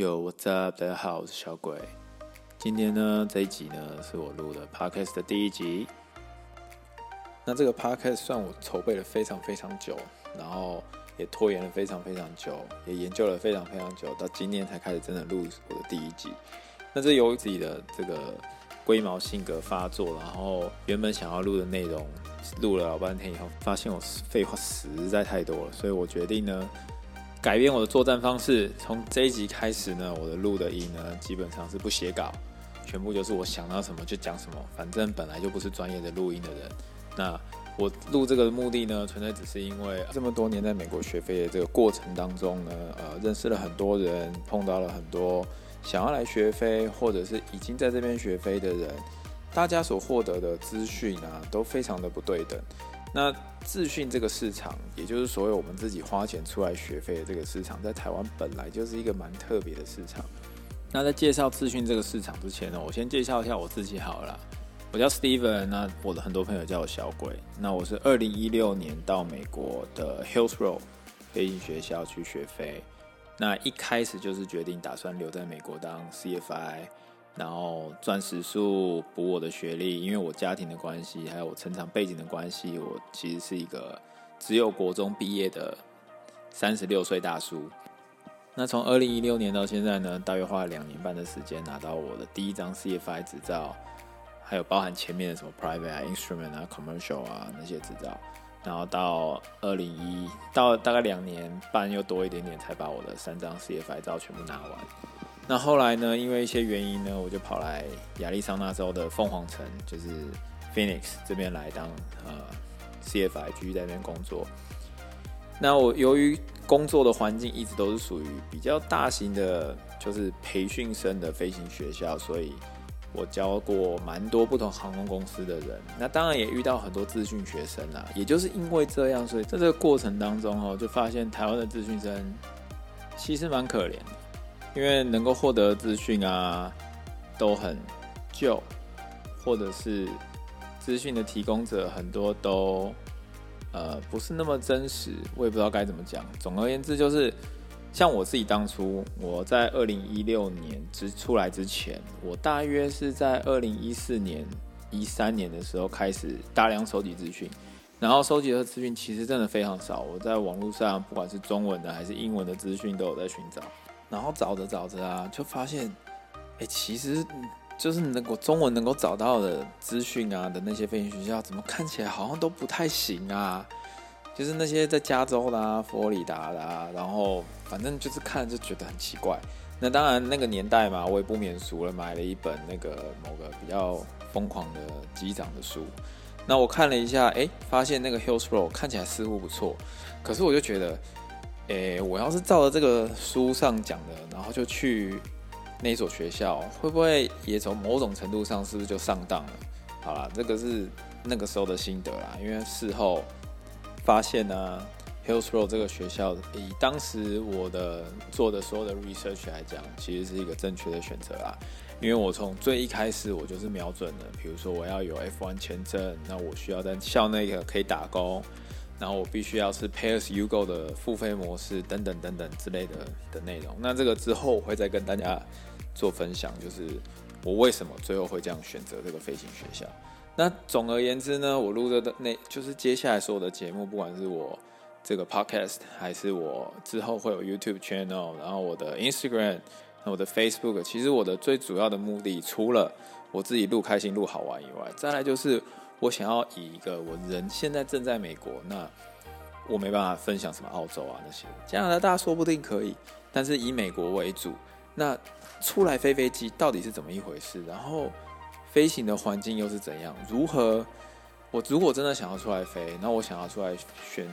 Yo, what's up？大家好，我是小鬼。今天呢，這一集呢是我錄的 podcast 的第一集。那這個 podcast 算我籌備了非常非常久，然後也拖延了非常非常久，也研究了非常非常久，到今年才開始真的錄我的第一集。那這由於自己的這個龜毛性格發作，然後原本想要錄的內容，錄了老半天以後，發現我廢話實在太多了，所以我決定呢，改變我的作戰方式，從這一集開始呢，我的錄的音呢，基本上是不寫稿，全部就是我想到什麼就講什麼。反正本來就不是專業的錄音的人，那我錄這個目的呢，純粹只是因為、呃、這麼多年在美國學飛的這個過程當中呢，呃，認識了很多人，碰到了很多想要來學飛或者是已經在這邊學飛的人，大家所獲得的資訊啊，都非常的不對等。那自訓這個市場，也就是所謂我們自己花錢出來學飛的這個市場，在台灣本來就是一個蠻特別的市場。那在介紹自訓這個市場之前呢，我先介紹一下我自己好了。我叫 Steven，那我的很多朋友叫我小鬼。那我是二零一六年到美國的 Hillsboro 飛行學校去學飛，那一開始就是決定打算留在美國當 CFI。然後賺時數補我的學歷，因為我家庭的關係，還有我成長背景的關係，我其實是一個只有國中畢業的三十六歲大叔。那從二零一六年到現在呢，大約花了兩年半的時間拿到我的第一張 CFI 執照，還有包含前面的什麼 Private、啊、Instrument 啊、Commercial 啊那些執照，然後到二零一到大概兩年半又多一點點才把我的三張 CFI 照全部拿完。那後來呢，因為一些原因呢，我就跑來亞利桑那州的鳳凰城，就是 Phoenix 這邊來當、呃、CFI 繼續在這邊工作。那我由於工作的環境一直都是屬於比較大型的，就是培訓生的飛行學校，所以我教過蠻多不同航空公司的人。那當然也遇到很多自訓學生啦、啊、也就是因為這樣，所以在這個過程當中哦，就發現台灣的自訓生其實蠻可憐的因為能夠獲得資訊啊，都很舊，或者是資訊的提供者很多都呃不是那麼真實，我也不知道該怎麼講。總而言之，就是像我自己當初我在二零一六年之出來之前，我大約是在二零一四年一三年的時候開始大量收集資訊，然後收集的資訊其實真的非常少。我在網絡上不管是中文的還是英文的資訊都有在尋找。然後找着找着啊，就發現，哎，其實就是能夠中文能夠找到的資訊啊的那些飛行學校，怎麼看起來好像都不太行啊？就是那些在加州的、啊、佛羅里達的、啊，然後反正就是看就覺得很奇怪。那當然那個年代嘛，我也不免俗了，買了一本那個某個比較瘋狂的機長的書。那我看了一下，哎，發現那個 Hillsboro 看起來似乎不錯，可是我就覺得。誒、欸，我要是照著這個書上講的，然後就去那所學校，會不會也從某種程度上是不是就上當了？好啦，這個是那個時候的心得啦。因為事後發現呢、啊、，Hillsboro 這個學校以當時我的做的所有的 research 來講，其實是一個正確的選擇啦。因為我從最一開始我就是瞄準了，比如說我要有 F1 簽證，那我需要在校內可以打工。然後我必須要是 pay as you go 的付費模式等等等等之類的的內容。那這個之後我會再跟大家做分享，就是我為什麼最後會這樣選擇這個飛行學校。那總而言之呢，我錄的的那就是接下來所有的節目，不管是我這個 Podcast，還是我之後會有 YouTube Channel，然後我的 Instagram，然後我的 Facebook，其實我的最主要的目的，除了我自己錄開心錄好玩以外，再來就是。我想要以一個，我人現在正在美國，那我沒辦法分享什麼澳洲啊、那些加拿大說不定可以，但是以美國為主，那出來飛飛機到底是怎麼一回事？然後飛行的環境又是怎樣？如何？我如果真的想要出來飛，那我想要出來選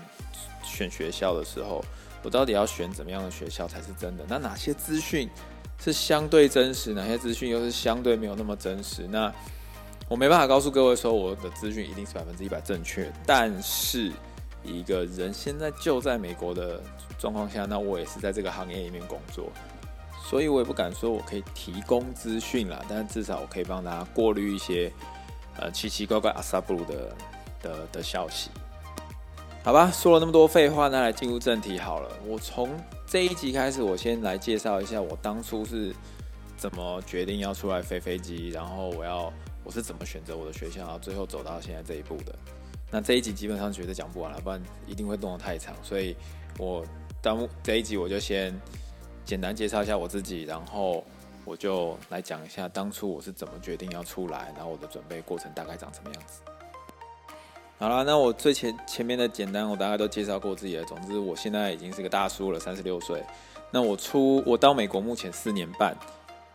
選學校的時候，我到底要選怎麼樣的學校才是真的？那哪些資訊是相對真實？哪些資訊又是相對沒有那麼真實？那？我沒辦法告訴各位說，我的資訊一定是百分之一百正確，但是一個人現在就在美國的狀況下，那我也是在這個行業裡面工作，所以我也不敢說我可以提供資訊啦，但至少我可以幫大家過濾一些呃奇奇怪怪阿薩布魯的的、的的消息。好吧，說了那麼多廢話，那來進入正題好了。我從這一集開始，我先來介紹一下我當初是怎麼決定要出來飛飛機，然後我要。我是怎麼選擇我的學校，然後最後走到現在這一步的。那這一集基本上絕對講不完了，不然一定會弄得太長。所以我當這一集，我就先簡單介紹一下我自己，然後我就來講一下當初我是怎麼決定要出來，然後我的準備過程大概長什麼樣子。好啦，那我最前前面的簡單我大概都介紹過自己了。總之，我現在已經是個大叔了，三十六歲。那我出，我到美國目前四年半，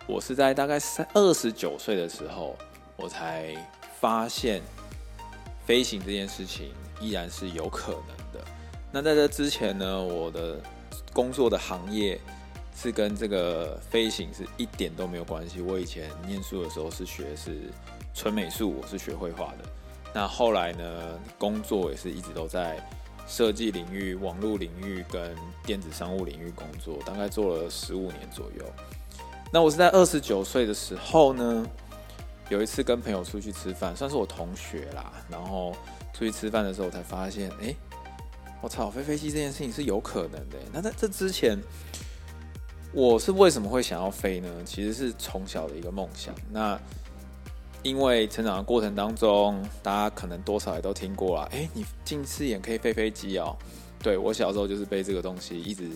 我是在大概三二十九歲的時候，我才發現，飛行這件事情依然是有可能的。那在這之前呢，我的工作的行業是跟這個飛行是一點都沒有關係。我以前念書的時候是學是純美術，我是學繪畫的。那後來呢，工作也是一直都在設計領域、網絡領域跟電子商務領域工作，大概做了十五年左右。那我是在二十九歲的時候呢。有一次跟朋友出去吃飯，算是我同學啦。然後出去吃飯的時候我才發現，誒，我操，飛飛機這件事情是有可能的欸。那在這之前，我是為什麼會想要飛呢？其實是從小的一個夢想。那因為成長的過程當中，大家可能多少也都聽過啊。誒，你近視眼可以飛飛機哦。對，我小時候就是被這個東西一直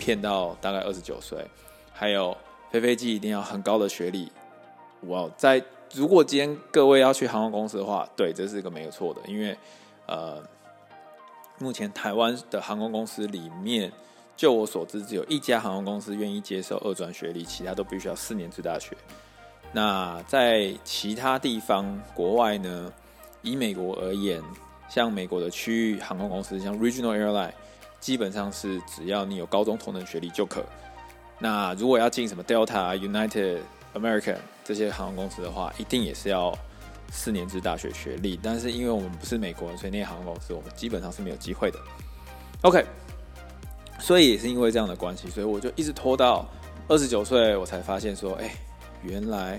騙到大概二十九歲。還有飛飛機一定要很高的學歷。哇，wow, 在，如果今天各位要去航空公司的話，對，這是一個沒有錯的，因為，呃，目前台灣的航空公司裡面，就我所知，只有一家航空公司願意接受二專學歷，其他都必須要四年制大學。那在其他地方，國外呢？以美國而言，像美國的區域航空公司，像 Regional Airline，基本上是只要你有高中同等學歷就可。那如果要進什麼 Delta、United、American？這些航空公司的話，一定也是要四年制大學學歷，但是因為我們不是美國人，所以那些航空公司我們基本上是沒有機會的。OK，所以也是因為這樣的關係，所以我就一直拖到二十九歲，我才發現說，哎、欸，原來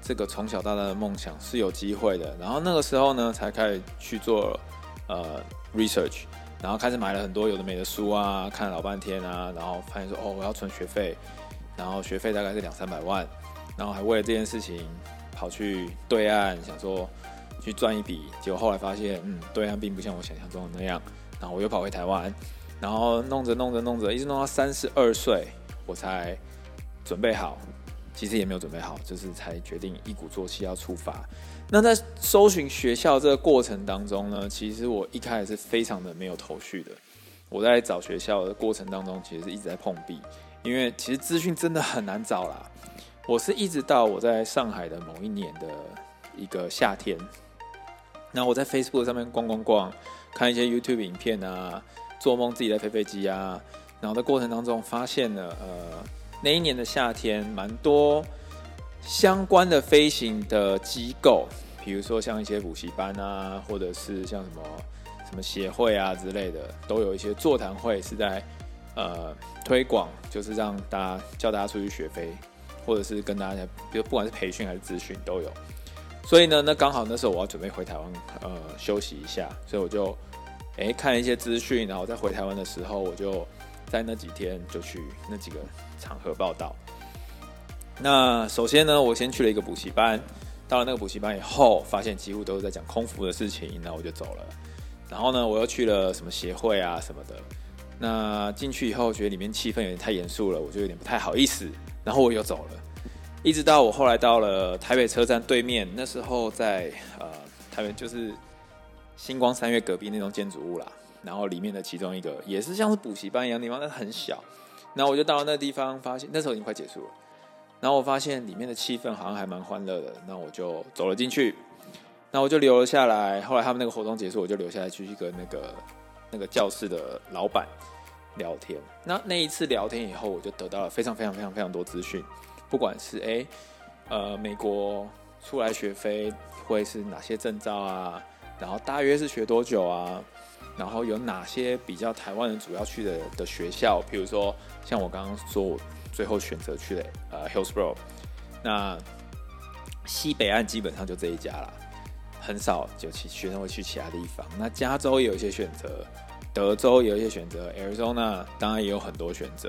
這個從小到大的夢想是有機會的。然後那個時候呢，才開始去做呃 research，然後開始買了很多有的沒的書啊，看了老半天啊，然後發現說，哦，我要存學費，然後學費大概是兩三百萬。然後還為了這件事情，跑去對岸想說去賺一筆，結果後來發現，嗯，對岸並不像我想象中的那樣。然後我又跑回台灣，然後弄着弄着弄着，一直弄到三十二歲，我才準備好，其實也沒有準備好，就是才決定一鼓作氣要出發。那在搜尋學校這個過程當中呢，其實我一開始是非常的沒有頭緒的。我在找學校的過程當中，其實是一直在碰壁，因為其實資訊真的很難找啦。我是一直到我在上海的某一年的一個夏天，那我在 Facebook 上面逛逛逛，看一些 YouTube 影片啊，做夢自己在飛飛機啊，然後在過程當中發現了，呃，那一年的夏天蠻多相關的飛行的機構，比如說像一些補習班啊，或者是像什麼什麼協會啊之類的，都有一些座談會是在呃推廣，就是讓大家叫大家出去學飛。或者是跟大家，比如不管是培訓還是諮詢都有，所以呢，那剛好那時候我要準備回台灣，呃，休息一下，所以我就，哎、欸，看一些資訊，然後在回台灣的時候，我就在那幾天就去那幾個場合報到。那首先呢，我先去了一個補習班，到了那個補習班以後，發現幾乎都是在講空服的事情，那我就走了。然後呢，我又去了什麼協會啊什麼的，那進去以後覺得裡面氣氛有點太嚴肅了，我就有點不太好意思。然後我又走了，一直到我後來到了台北車站對面，那時候在呃，台北就是星光三月隔壁那棟建築物啦。然後裡面的其中一個也是像是補習班一樣的地方，但是很小。然後我就到了那地方，發現那時候已經快結束了。然後我發現裡面的氣氛好像還蠻歡樂的，那我就走了進去。那我就留了下來，後來他們那個活動結束，我就留下來去一個那個那個教室的老板。聊天，那那一次聊天以後，我就得到了非常非常非常非常多資訊，不管是誒、欸、呃，美國出來學飛會是哪些證照啊，然後大約是學多久啊，然後有哪些比較台灣人主要去的的學校，比如說像我剛剛說我最後選擇去的呃 Hillsboro，那西北岸基本上就這一家了，很少就其學生會去其他地方。那加州也有一些選擇。德州也有一些選擇，Arizona 當然也有很多選擇，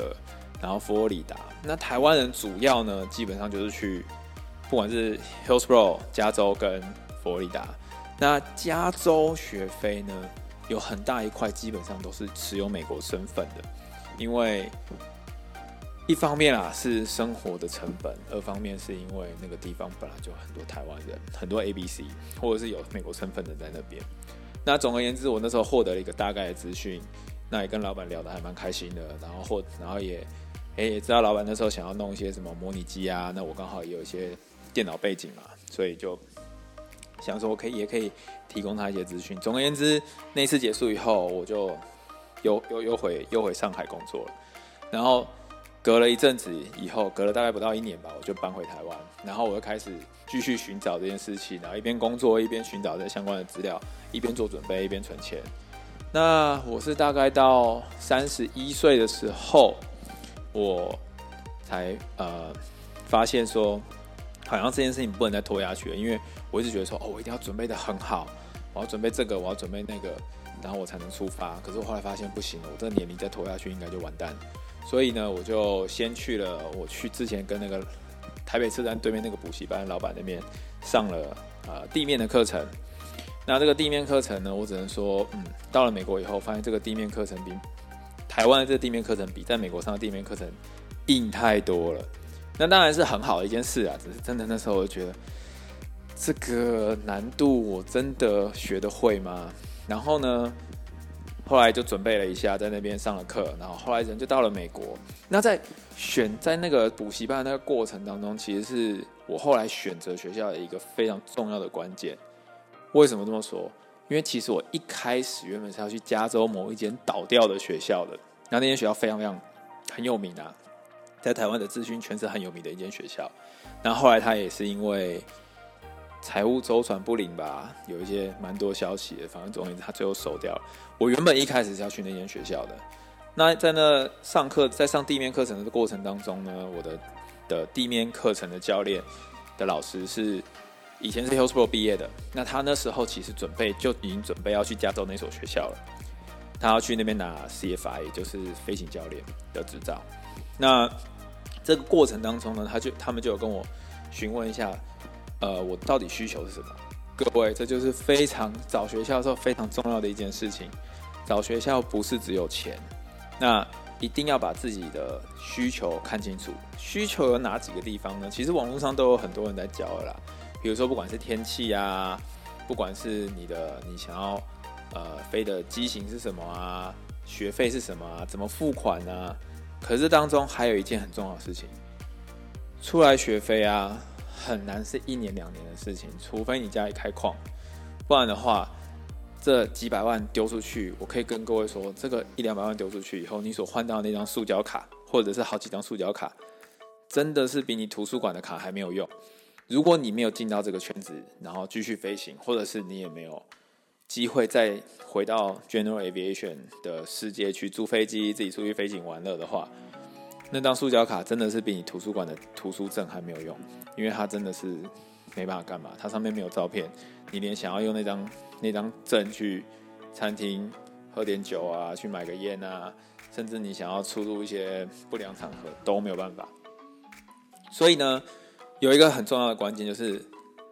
然後佛羅里達。那台灣人主要呢，基本上就是去，不管是 Hillsboro、加州跟佛羅里達。那加州學飛呢，有很大一塊基本上都是持有美國身份的，因為一方面啊是生活的成本，二方面是因為那個地方本來就很多台灣人，很多 ABC 或者是有美國身份的人在那邊。那總而言之，我那時候獲得了一個大概的資訊，那也跟老闆聊得還蠻開心的，然後或然後也，誒、欸、也知道老闆那時候想要弄一些什麼模擬機啊，那我剛好也有一些電腦背景嘛，所以就想說我可以也可以提供他一些資訊。總而言之，那次結束以後，我就又又又回又回上海工作了，然後。隔了一陣子以後，隔了大概不到一年吧，我就搬回台灣，然後我又開始繼續尋找這件事情，然後一邊工作一邊尋找這些相關的資料，一邊做準備一邊存錢。那我是大概到三十一歲的時候，我才呃發現說，好像這件事情不能再拖下去了，因為我一直覺得說，哦，我一定要準備得很好，我要準備這個，我要準備那個，然後我才能出發。可是我後來發現不行了，我這個年齡再拖下去應該就完蛋了。所以呢，我就先去了。我去之前跟那個台北車站對面那個補習班老板那邊上了啊、呃、地面的課程。那這個地面課程呢，我只能說，嗯，到了美國以後，發現這個地面課程比台灣的這地面課程比在美國上的地面課程硬太多了。那當然是很好的一件事啊，只是真的那時候我就覺得這個難度我真的學得會嗎？然後呢？後來就準備了一下，在那邊上了課，然後後來人就到了美國。那在選在那個補習班的那個過程當中，其實是我後來選擇學校的一個非常重要的關鍵。為什麼這麼說？因為其實我一開始原本是要去加州某一間倒掉的學校的，然後那那間學校非常非常很有名啊，在台灣的資訊圈是很有名的一間學校。然後後來他也是因為。財務周轉不靈吧，有一些蠻多消息反正總之，他最後收掉了。我原本一開始是要去那間學校的，那在那上課，在上地面課程的過程當中呢，我的的地面課程的教練的老師是以前是 Hillsboro 畢業的。那他那時候其實準備就已經準備要去加州那所學校了，他要去那邊拿 CFI 也就是飛行教練的執照。那這個過程當中呢，他就他們就有跟我詢問一下。呃，我到底需求是什麼？各位，這就是非常找學校的時候非常重要的一件事情。找學校不是只有錢，那一定要把自己的需求看清楚。需求有哪幾個地方呢？其實網絡上都有很多人在教啦。比如說不管是天氣啊，不管是你的你想要呃飛的機型是什麼啊，學費是什麼啊，怎麼付款啊。可是當中還有一件很重要的事情，出來學飛啊。很難是一年兩年的事情，除非你家裡開礦，不然的話，這幾百萬丟出去，我可以跟各位說，這個一兩百萬丟出去以後，你所換到那張塑膠卡，或者是好幾張塑膠卡，真的是比你圖書館的卡還沒有用。如果你沒有進到這個圈子，然後繼續飛行，或者是你也沒有機會再回到 General Aviation 的世界去租飛機，自己出去飛行玩樂的話。那張塑膠卡真的是比你圖書館的圖書證還沒有用，因為它真的是沒辦法幹嘛，它上面沒有照片，你連想要用那張那張證去餐廳喝點酒啊，去買個煙啊，甚至你想要出入一些不良場合都沒有辦法。所以呢，有一個很重要的關鍵就是，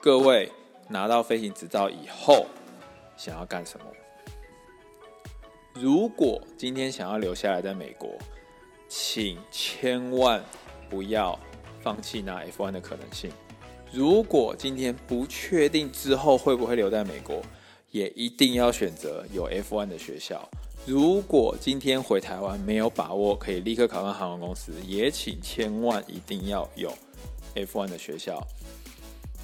各位拿到飛行執照以後想要幹什麼？如果今天想要留下來在美國，請千萬不要放棄拿 F1 的可能性。如果今天不確定之後會不會留在美國，也一定要選擇有 F1 的學校。如果今天回台灣沒有把握可以立刻考上航空公司，也請千萬一定要有 F1 的學校。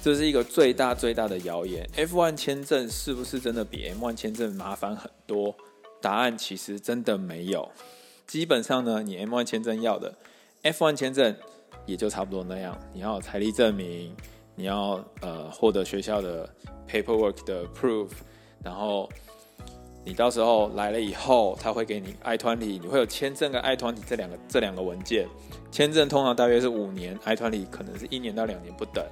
這是一個最大最大的謠言。F1 簽證是不是真的比 M1 簽證麻煩很多？答案其實真的沒有。基本上呢，你 M1 簽證要的，F1 簽證也就差不多那樣。你要有財力證明，你要呃獲得學校的 paperwork 的 proof，然後你到時候來了以後，他會給你 I20，你會有簽證跟 I20 這兩個這兩個文件。簽證通常大約是五年，I20 可能是一年到兩年不等。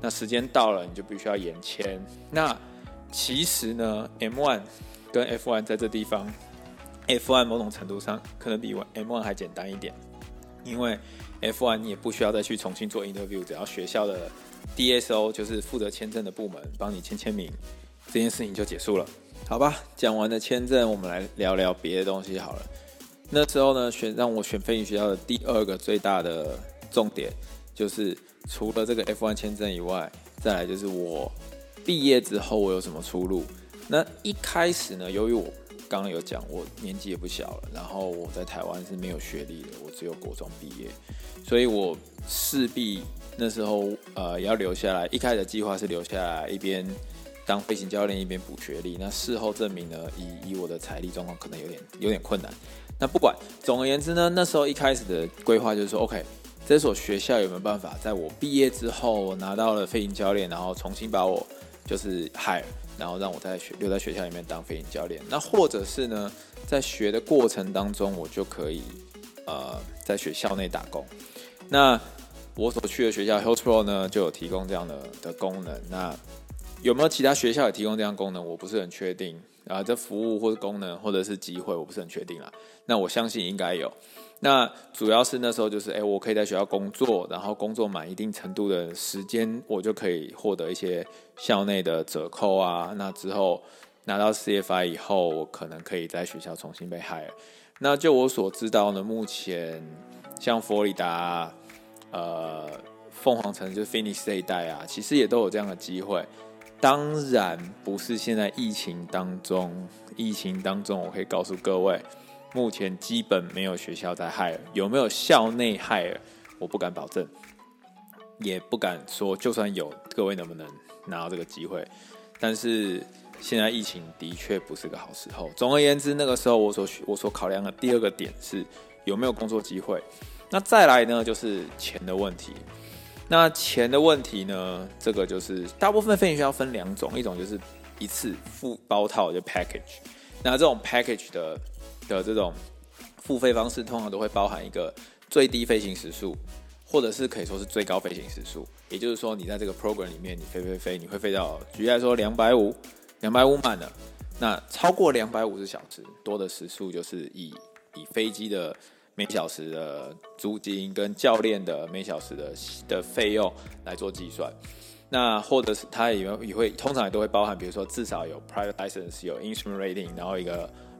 那時間到了，你就必須要延簽。那其實呢，M1 跟 F1 在這地方。F1 某種程度上可能比 M1 還簡單一點，因為 F1 你也不需要再去重新做 interview，只要學校的 DSO 就是負責簽證的部門幫你簽簽名，這件事情就結束了，好吧？講完了簽證，我們來聊聊別的東西好了。那時候呢，選讓我選飛行學校的第二個最大的重點，就是除了這個 F1 簽證以外，再來就是我畢業之後我有什麼出路。那一開始呢，由於我剛剛有講，我年紀也不小了，然後我在台灣是沒有學歷的，我只有國中畢業，所以我勢必那時候呃也要留下來。一開始的計劃是留下來，一邊當飛行教練，一邊補學歷。那事後證明呢，以以我的財力狀況，可能有點有點困難。那不管，總而言之呢，那時候一開始的規劃就是說，OK，這所學校有沒有辦法，在我畢業之後，我拿到了飛行教練，然後重新把我。就是 hire，然後讓我在學留在學校裡面當飛行教練。那或者是呢，在學的過程當中，我就可以呃在學校內打工。那我所去的學校 Hospo 呢就有提供這樣的的功能。那有沒有其他學校也提供這樣功能？我不是很確定啊、呃。這服務或者功能或者是機會，我不是很確定啦。那我相信應該有。那主要是那時候就是，哎、欸，我可以在學校工作，然後工作滿一定程度的時間，我就可以獲得一些校內的折扣啊。那之後拿到 CFI 以後，我可能可以在學校重新被 hire。那就我所知道呢，目前像佛里達、啊、呃，鳳凰城就是 Phoenix 這一帶啊，其實也都有這樣的機會。當然不是現在疫情當中，疫情當中我可以告訴各位。目前基本沒有學校在 hire，有沒有校內 hire，我不敢保證，也不敢說。就算有，各位能不能拿到這個機會？但是現在疫情的確不是個好時候。總而言之，那個時候我所我所考量的第二個點是有沒有工作機會。那再來呢，就是錢的問題。那錢的問題呢，這個就是大部分飛行學校要分兩種，一種就是一次付包套就 package，那這種 package 的。的這種付費方式通常都會包含一個最低飛行時數，或者是可以說是最高飛行時數。也就是說，你在這個 program 裡面，你飛飛飛，你會飛到舉例來說兩百五，兩百五滿了。那超過兩百五十小時多的時數，就是以以飛機的每小時的租金跟教練的每小時的的費用來做計算。那或者是它也會也會通常也都會包含，比如說至少有 private license，有 instrument rating，然後一個。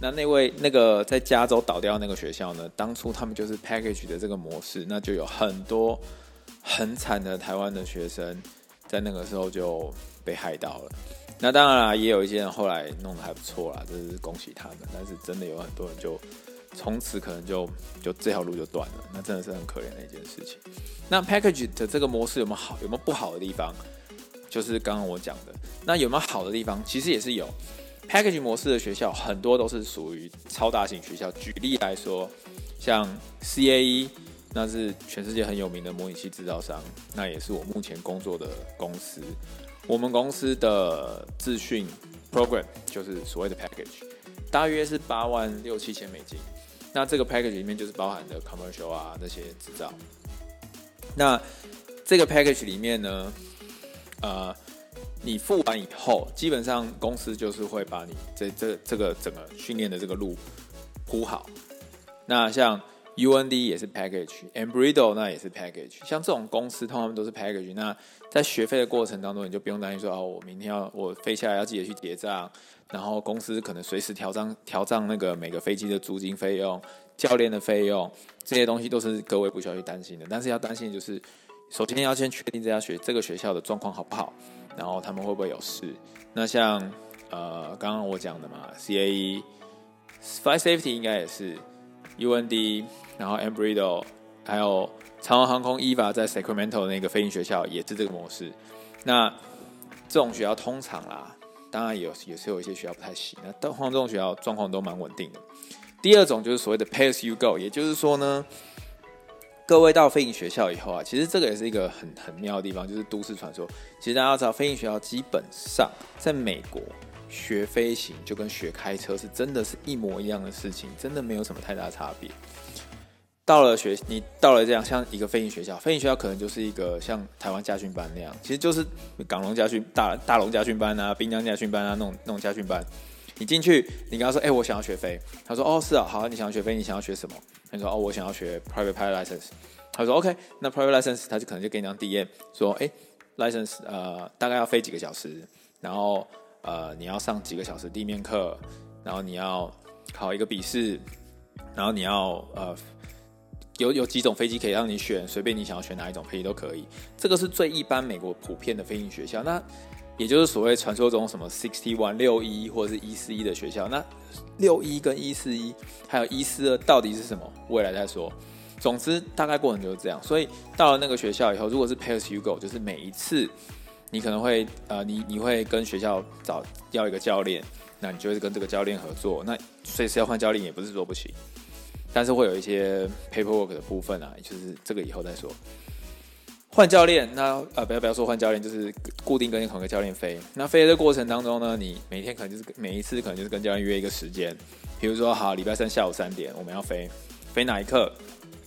那那位那個在加州倒掉那個學校呢？當初他們就是 package 的這個模式，那就有很多很慘的台灣的學生在那個時候就被害到了。那當然啦，也有一些人後來弄得還不錯啦，就是恭喜他們。但是真的有很多人就從此可能就就這條路就斷了，那真的是很可憐的一件事情。那 package 的這個模式有沒有好？有沒有不好的地方？就是剛剛我講的。那有沒有好的地方？其實也是有。Package 模式的學校很多都是屬於超大型學校。舉例來說，像 CAE，那是全世界很有名的模擬器制造商，那也是我目前工作的公司。我們公司的自訓 Program 就是所謂的 Package，大約是八萬六七千美金。那這個 Package 裡面就是包含的 Commercial 啊那些執照。那這個 Package 裡面呢，呃。你付完以後，基本上公司就是會把你這這這個整個訓練的這個路鋪好。那像 UND 也是 package，Embry-Riddle 那也是 package，像這種公司通常都是 package。那在學費的過程當中，你就不用擔心說哦，我明天要我飛下來要記得去結賬，然後公司可能隨時調賬調賬那個每個飛機的租金費用、教練的費用這些東西都是各位不需要去擔心的。但是要擔心的就是，首先要先確定這家學這個學校的狀況好不好。然後他們會不會有事？那像呃，剛剛我講的嘛，CAE、Flight Safety 應該也是，UND，然後 Embry-Riddle，還有長榮航空 EVA 在 Sacramento 那個飛行學校也是這個模式。那這種學校通常啦，當然有，也是有一些學校不太行。那但通常這種學校狀況都蠻穩定的。第二種就是所謂的 Pay as you go，也就是說呢。各位到飛行學校以後啊，其實這個也是一個很很妙的地方，就是都市傳說。其實大家要知道，飛行學校基本上在美國學飛行就跟學開車是真的是一模一樣的事情，真的沒有什麼太大差別。到了學，你到了這樣像一個飛行學校，飛行學校可能就是一個像台灣駕訓班那樣，其實就是港龍駕訓、大大龍駕訓班啊、濱江駕訓班啊那種那種駕訓班。你進去，你跟他說：“哎、欸，我想要學飛。”他說：“哦，是啊，好，你想要學飛，你想要學什麼？”說哦，我想要學 private pilot license。他說 OK，那 private license，他就可能就給你張 DM，說、欸、哎，license，呃，大概要飛幾個小時，然後呃，你要上幾個小時地面課，然後你要考一個筆試，然後你要呃，有有幾種飛機可以讓你選，隨便你想要選哪一種飛機都可以。這個是最一般美國普遍的飛行學校。那也就是所謂傳說中什麼 sixty one 六一或者是一四一的學校，那六一跟一四一還有一四二到底是什麼？未來再說。總之大概過程就是這樣。所以到了那個學校以後，如果是 pay as you go，就是每一次你可能會呃，你你會跟學校找要一個教練，那你就會跟這個教練合作。那隨時要換教練也不是說不行，但是會有一些 paperwork 的部分啊，就是這個以後再說。換教練，那呃，不要不要說換教練，就是固定跟同一個教練飛。那飛的過程當中呢，你每天可能就是每一次可能就是跟教練約一個時間，比如說好禮拜三下午三點我們要飛，飛哪一課，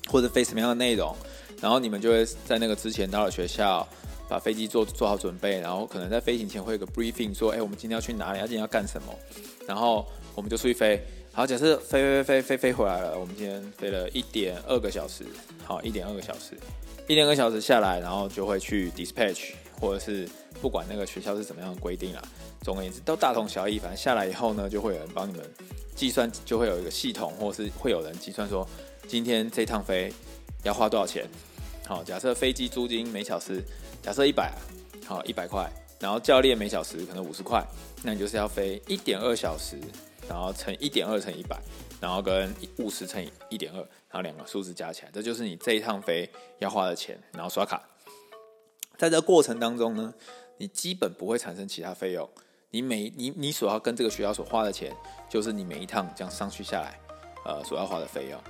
或者飛什麼樣的內容，然後你們就會在那個之前到了學校，把飛機做做好準備，然後可能在飛行前會有個 briefing 說，哎、欸，我們今天要去哪裡，啊、今天要幹什麼，然後我們就出去飛。好，假設飛飛飛飛飛回來了，我們今天飛了一點二個小時，好，一點二個小時。一兩個小時下來，然後就會去 dispatch，或者是不管那個學校是怎麼樣的規定啦，總而言之，都大同小異。反正下來以後呢，就會有人幫你們計算，就會有一個系統，或者是會有人計算說，今天這趟飛要花多少錢？好，假設飛機租金每小時假設一百，好一百塊，然後教練每小時可能五十塊，那你就是要飛一點二小時，然後乘一點二乘一百，然後跟五十乘以一點二。把兩個數字加起來，這就是你這一趟飛要花的錢。然後刷卡，在這過程當中呢，你基本不會產生其他費用。你每你你所要跟這個學校所花的錢，就是你每一趟這樣上去下來，呃，所要花的費用。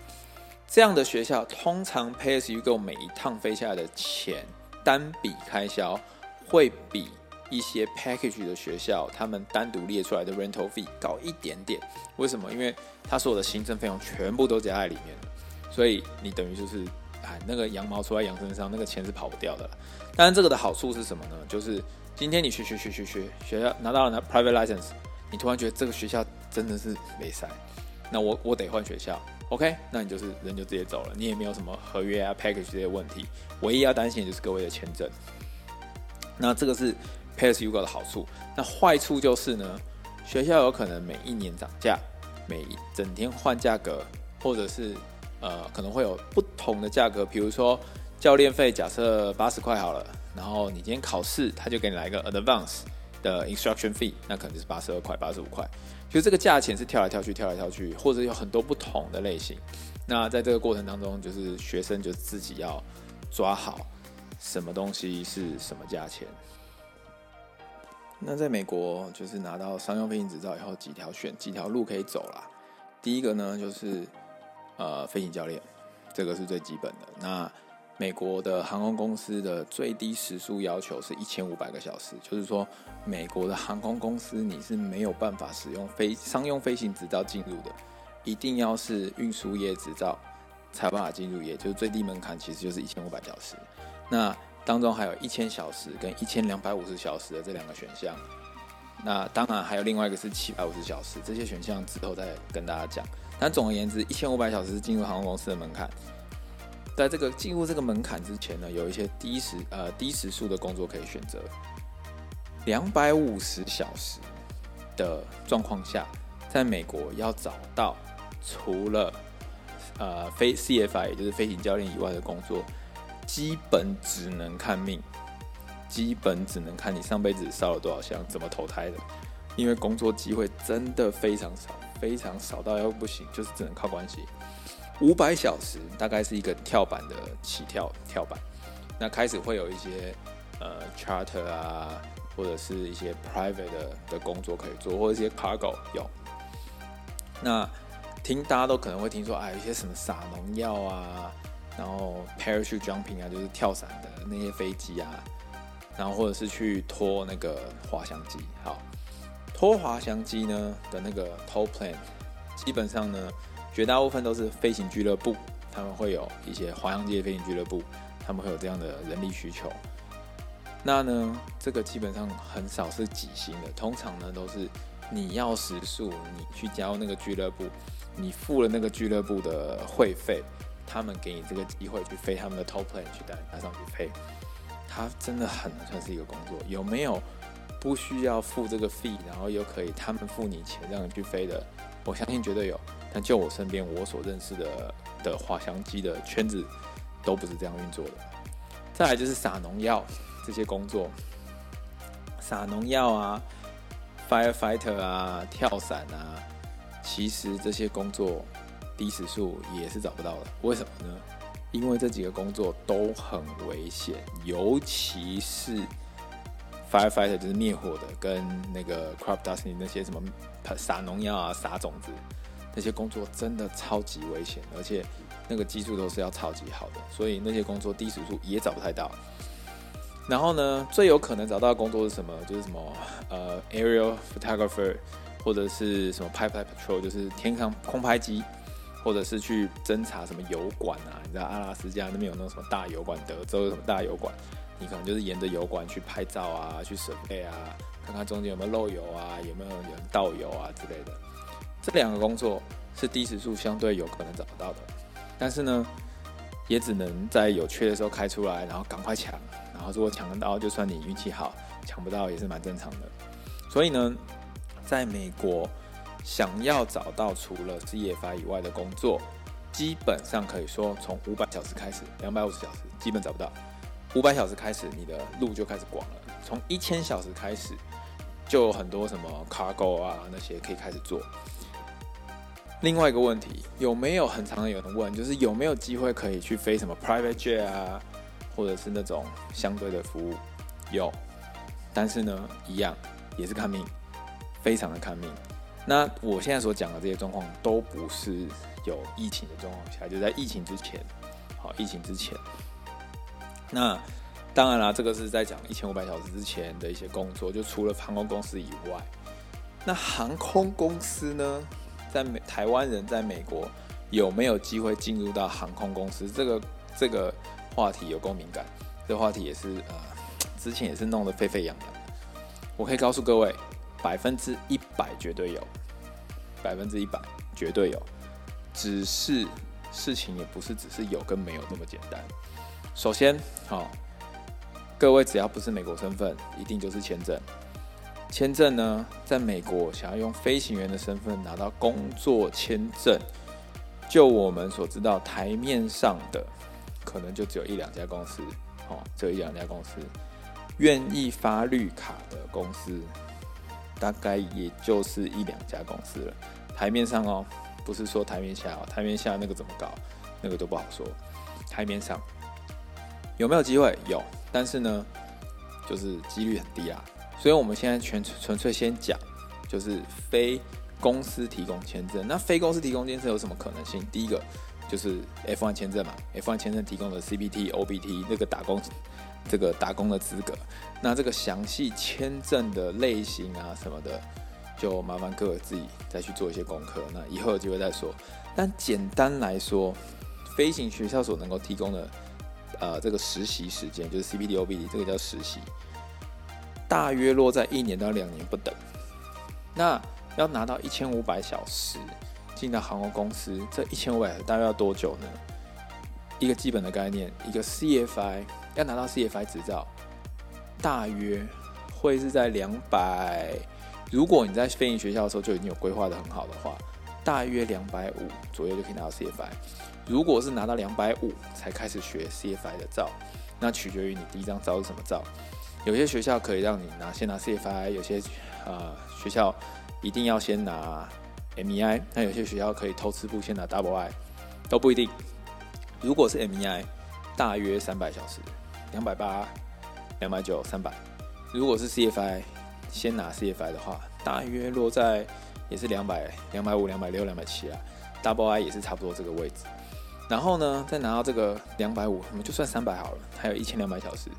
這樣的學校通常 pay as you go 每一趟飛下來的錢，單筆開銷會比一些 package 的學校他們單獨列出來的 rental fee 高一點點。為什麼？因為他所有的行政費用全部都加在裡面了。所以你等於就是，哎，那個羊毛出在羊身上，那個錢是跑不掉的了。但是這個的好處是什麼呢？就是今天你學學學學學學校拿到了那 private license，你突然覺得這個學校真的是沒塞，那我我得換學校，OK？那你就是人就直接走了，你也沒有什麼合約啊 package 這些問題，唯一要擔心的就是各位的簽證。那這個是 pay as you go 的好處。那壞處就是呢，學校有可能每一年漲價，每整天換價格，或者是。呃，可能會有不同的價格，比如說教練費，假設八十塊好了，然後你今天考試，他就給你來一個 advance 的 instruction fee，那可能就是八十二塊、八十五塊，其實這個價錢是跳來跳去、跳來跳去，或者有很多不同的類型。那在這個過程當中，就是學生就自己要抓好什麼東西是什麼價錢。那在美國，就是拿到商用飛行執照以後幾，幾條選幾條路可以走了。第一個呢，就是。呃，飛行教練，這個是最基本的。那美國的航空公司的最低時數要求是一千五百個小時，就是說，美國的航空公司你是沒有辦法使用飛商用飛行執照進入的，一定要是運輸業執照才有辦法進入業，也就是最低門檻其實就是一千五百小時。那當中還有一千小時跟一千兩百五十小時的這兩個選項，那當然還有另外一個是七百五十小時，這些選項之後再跟大家講。但總而言之，一千五百小時是進入航空公司的門檻。在這個進入這個門檻之前呢，有一些低時呃低時數的工作可以選擇。兩百五十小時的狀況下，在美國要找到除了呃飛 CFI，也就是飛行教練以外的工作，基本只能看命，基本只能看你上輩子燒了多少香，怎麼投胎的，因為工作機會真的非常少。非常少到要不行，就是只能靠關係。五百小時大概是一個跳板的起跳跳板，那開始會有一些呃 charter 啊，或者是一些 private 的的工作可以做，或者一些 cargo 有。那聽大家都可能會聽說，哎，有一些什麼撒農藥啊，然後 parachute jumping 啊，就是跳傘的那些飛機啊，然後或者是去拖那個滑翔機，好。拖滑翔機呢的那個 tow plane，基本上呢，絕大部分都是飛行俱樂部，他們會有一些滑翔機的飛行俱樂部，他們會有這樣的人力需求。那呢，這個基本上很少是幾星的，通常呢都是你要時數，你去加入那個俱樂部，你付了那個俱樂部的會費，他們給你這個機會去飛他們的 tow plane 去帶搭上去飛，它真的很難算是一個工作，有沒有？不需要付這個費，然後又可以他們付你錢讓你去飛的，我相信絕對有。但就我身邊我所認識的的滑翔機的圈子，都不是這樣運作的。再來就是撒農藥這些工作，撒農藥啊，firefighter 啊，跳傘啊，其實這些工作低時數也是找不到的。為什麼呢？因為這幾個工作都很危險，尤其是。Firefighter 就是滅火的，跟那個 crop dusting 那些什麼撒農藥啊、撒種子那些工作，真的超級危險，而且那個技術都是要超級好的，所以那些工作低時數也找不太到。然後呢，最有可能找到的工作是什麼？就是什麼呃，aerial photographer 或者是什麼 pipeline patrol，就是天上空拍機，或者是去偵查什麼油管啊，你知道阿拉斯加那邊有那種什麼大油管，德州有什麼大油管。你可能就是沿着油管去拍照啊，去設備啊，看看中間有沒有漏油啊，有沒有有人盜油啊之類的。這兩個工作是低時數相對有可能找得到的，但是呢，也只能在有缺的時候開出來，然後趕快搶。然後如果搶得到，就算你運氣好；搶不到也是蠻正常的。所以呢，在美國想要找到除了 CFI 以外的工作，基本上可以說從五百小時開始，兩百五十小時基本找不到。五百小時開始，你的路就開始廣了。從一千小時開始，就有很多什麼 cargo 啊那些可以開始做。另外一個問題，有沒有很常有人問，就是有沒有機會可以去飛什麼 private jet 啊，或者是那種相對的服務？有，但是呢，一樣也是看命，非常的看命。那我現在所講的這些狀況，都不是有疫情的狀況下，在就在疫情之前，好，疫情之前。那當然啦，這個是在講一千五百小時之前的一些工作，就除了航空公司以外，那航空公司呢，在美台灣人在美國有沒有機會進入到航空公司？這個這個話題有夠敏感，這個話題也是呃，之前也是弄得沸沸揚揚的。我可以告訴各位，百分之一百絕對有，百分之一百絕對有，只是事情也不是只是有跟沒有那麼簡單。首先，好，哦，各位只要不是美國身份，一定就是簽證。簽證呢，在美國想要用飛行員的身份拿到工作簽證，就我們所知道台面上的，可能就只有一兩家公司，哦，只有一兩家公司願意發綠卡的公司，大概也就是一兩家公司了。台面上哦，不是說台面下哦，台面下那個怎麼搞，那個都不好說。台面上。有沒有機會？有，但是呢，就是幾率很低啊。所以我們現在全純粹先講，就是非公司提供簽證。那非公司提供簽證有什麼可能性？第一個就是 F1 簽證嘛，F1 簽證提供的 CPT、OBT 那個打工，這個打工的資格。那這個詳細簽證的類型啊什麼的，就麻煩各位自己再去做一些功課。那以後有機會再說。但簡單來說，飛行學校所能夠提供的。呃，這個實習時間就是 CPT OPT 這個叫實習，大約落在一年到兩年不等那，那要拿到一千五百小時進到航空公司，這一千五百大約要多久呢？一個基本的概念，一個 CFI 要拿到 CFI 執照，大約會是在兩百。如果你在飛行學校的時候就已經有規劃得很好的話，大約兩百五左右就可以拿到 CFI。如果是拿到兩百五才開始學 CFI 的照，那取決於你第一張照是什麼照。有些學校可以讓你拿先拿 CFI，有些、呃、學校一定要先拿 MEI。那有些學校可以偷吃步先拿 double i，都不一定。如果是 MEI，大約三百小時，兩百八、兩百九、三百。如果是 CFI，先拿 CFI 的話，大約落在也是兩百、啊、兩百五、兩百六、兩百七啦，double i 也是差不多這個位置。然後呢，再拿到這個兩百五，我們就算三百好了。還有一千兩百小時，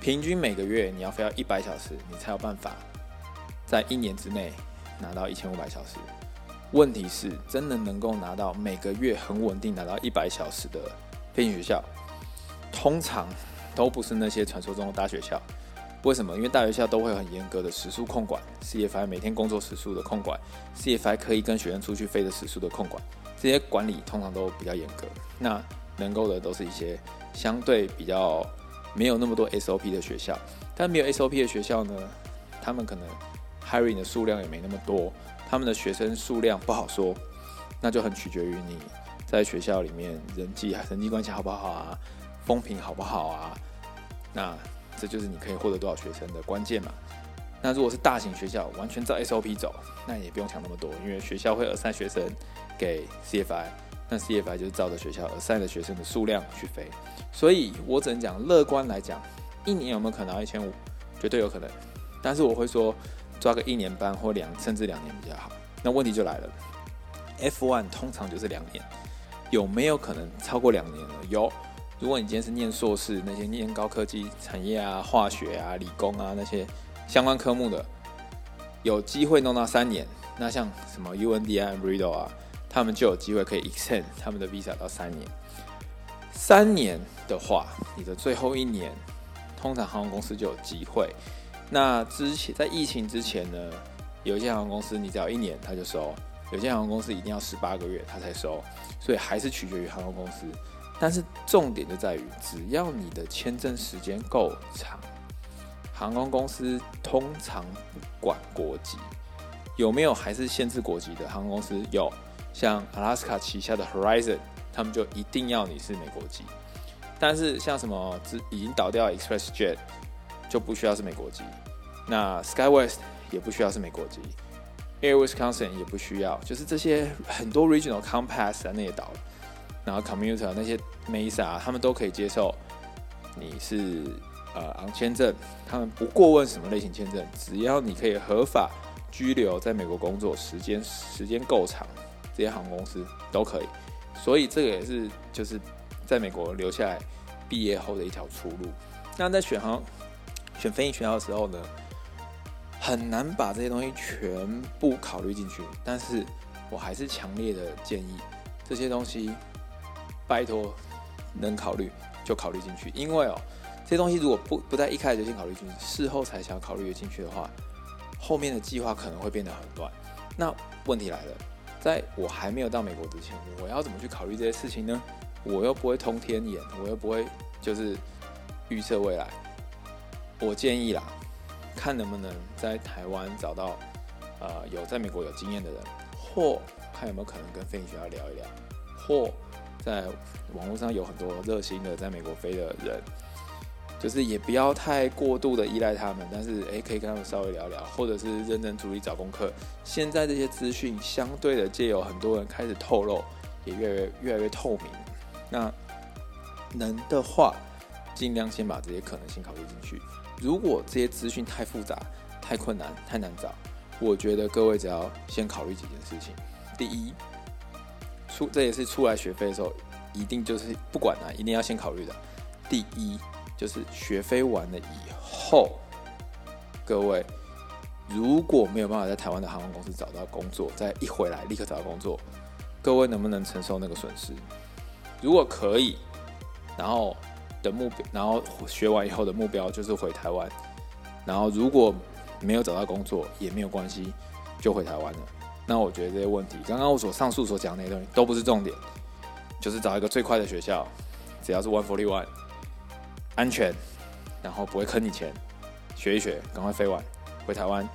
平均每個月你要飛到一百小時，你才有辦法在一年之內拿到一千五百小時。問題是，真的能夠拿到每個月很穩定拿到一百小時的飛行學校，通常都不是那些傳說中的大學校。為什麼？因為大學校都會有很嚴格的時數控管，CFI 每天工作時數的控管，CFI 可以跟學員出去飛的時數的控管。這些管理通常都比較嚴格，那能夠的都是一些相對比較沒有那麼多 SOP 的學校。但沒有 SOP 的學校呢，他們可能 Hiring 的數量也沒那麼多，他們的學生數量不好說，那就很取決於你在學校裡面人際啊，人際關係好不好啊，風評好不好啊。那這就是你可以獲得多少學生的關鍵嘛。那如果是大型學校完全照 SOP 走，那也不用想那麼多，因為學校會扼塞學生。給 C F I，那 C F I 就是照著學校，assign 的學生的數量去飛，所以我只能講樂觀來講，一年有沒有可能拿、啊、一千五？絕對有可能。但是我會說抓個一年半或兩甚至兩年比較好。那問題就來了，F1 通常就是兩年，有沒有可能超過兩年了？有。如果你今天是念碩士，那些念高科技產業啊、化學啊、理工啊那些相關科目的，有機會弄到三年。那像什麼 U N D I Riddle 啊？他們就有機會可以 extend 他們的 visa 到三年。三年的話，你的最後一年，通常航空公司就有機會。那之前在疫情之前呢，有些航空公司你只要一年他就收，有些航空公司一定要十八個月他才收，所以還是取決於航空公司。但是重點就在於，只要你的簽證時間夠長，航空公司通常不管國籍，有沒有還是限制國籍的航空公司？有。像 Alaska 旗下的 Horizon，他們就一定要你是美國籍。但是像什麼已經倒掉 Express Jet 就不需要是美國籍，那 SkyWest 也不需要是美國籍，Air Wisconsin 也不需要，就是這些很多 Regional Compass 啊那些倒。然後 Commuter 那些 Mesa 他們都可以接受你是呃昂簽證，他們不過問什麼類型簽證，只要你可以合法居留在美國工作時間時間夠長這些航空公司都可以，所以這個也是就是在美國留下來畢業後的一條出路。那在選行、選飛行學校的時候呢，很難把這些東西全部考慮進去。但是我還是強烈的建議這些東西拜託能考慮就考慮進去，因為哦、喔，這些東西如果不不在一開始就先考慮進去，事後才想考慮進去的話，後面的計劃可能會變得很亂。那問題來了。在我還沒有到美國之前，我要怎麼去考慮這些事情呢？我又不會通天眼，我又不會就是預測未來。我建議啦，看能不能在台灣找到，呃，有在美國有經驗的人，或看有沒有可能跟飛行學校聊一聊，或在網絡上有很多熱心的在美國飛的人。就是也不要太過度的依賴他們，但是誒、欸、可以跟他們稍微聊聊，或者是認真努力找功課。現在這些資訊相對的，借由很多人開始透露，也越來越,越來越透明。那能的話，儘量先把這些可能性考慮進去。如果這些資訊太複雜、太困難、太難找，我覺得各位只要先考慮幾件事情。第一，出這也是出來學費的時候，一定就是不管啊，一定要先考慮的。第一。就是學飛完了以後，各位如果沒有辦法在台灣的航空公司找到工作，再一回來立刻找到工作，各位能不能承受那個損失？如果可以，然後的目標，然後學完以後的目標就是回台灣。然後如果沒有找到工作也沒有關係，就回台灣了。那我覺得這些問題，剛剛我所上述所講那些東西都不是重點，就是找一個最快的學校，只要是 One Forty One，安全，然後不會坑你錢，學一學，趕快飛完回台灣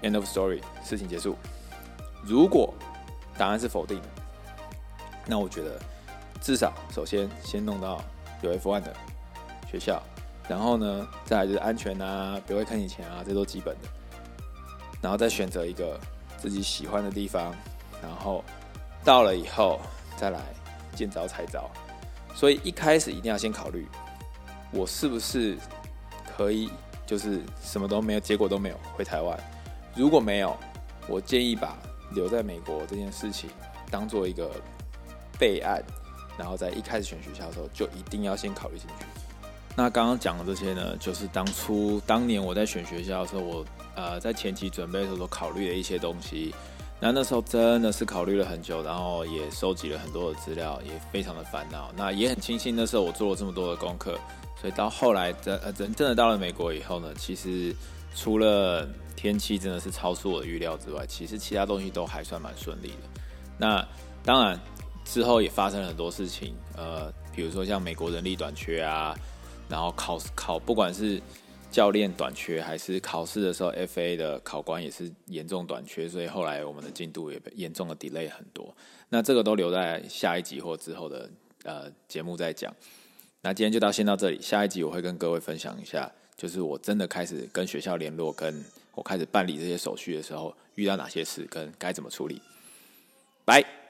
，end of story，事情結束。如果答案是否定，那我覺得至少首先先弄到有 F1 的學校，然後呢，再來就是安全啊，不會坑你錢啊，這都基本的。然後再選擇一個自己喜歡的地方，然後到了以後再來見招拆招。所以一開始一定要先考慮。我是不是可以就是什麼都沒有，結果都沒有回台灣？如果沒有，我建議把留在美國這件事情當做一個備案，然後在一開始選學校的時候就一定要先考慮進去。那剛剛講的這些呢，就是當初當年我在選學校的時候，我呃在前期準備的時候所考慮的一些東西。那那時候真的是考慮了很久，然後也收集了很多的資料，也非常的煩惱。那也很慶幸那時候我做了這麼多的功課。所以到後來真、真的到了美國以後呢，其實除了天氣真的是超出我的預料之外，其實其他東西都還算蠻順利的。那當然之後也發生了很多事情，呃，比如說像美國人力短缺啊，然後考、考不管是教練短缺，還是考試的時候 FA 的考官也是嚴重短缺，所以後來我們的進度也被嚴重的 delay 很多。那這個都留在下一集或之後的呃節目再講。那今天就到先到這裡，下一集我會跟各位分享一下，就是我真的開始跟學校聯絡，跟我開始辦理這些手續的時候，遇到哪些事跟該怎麼處理。拜。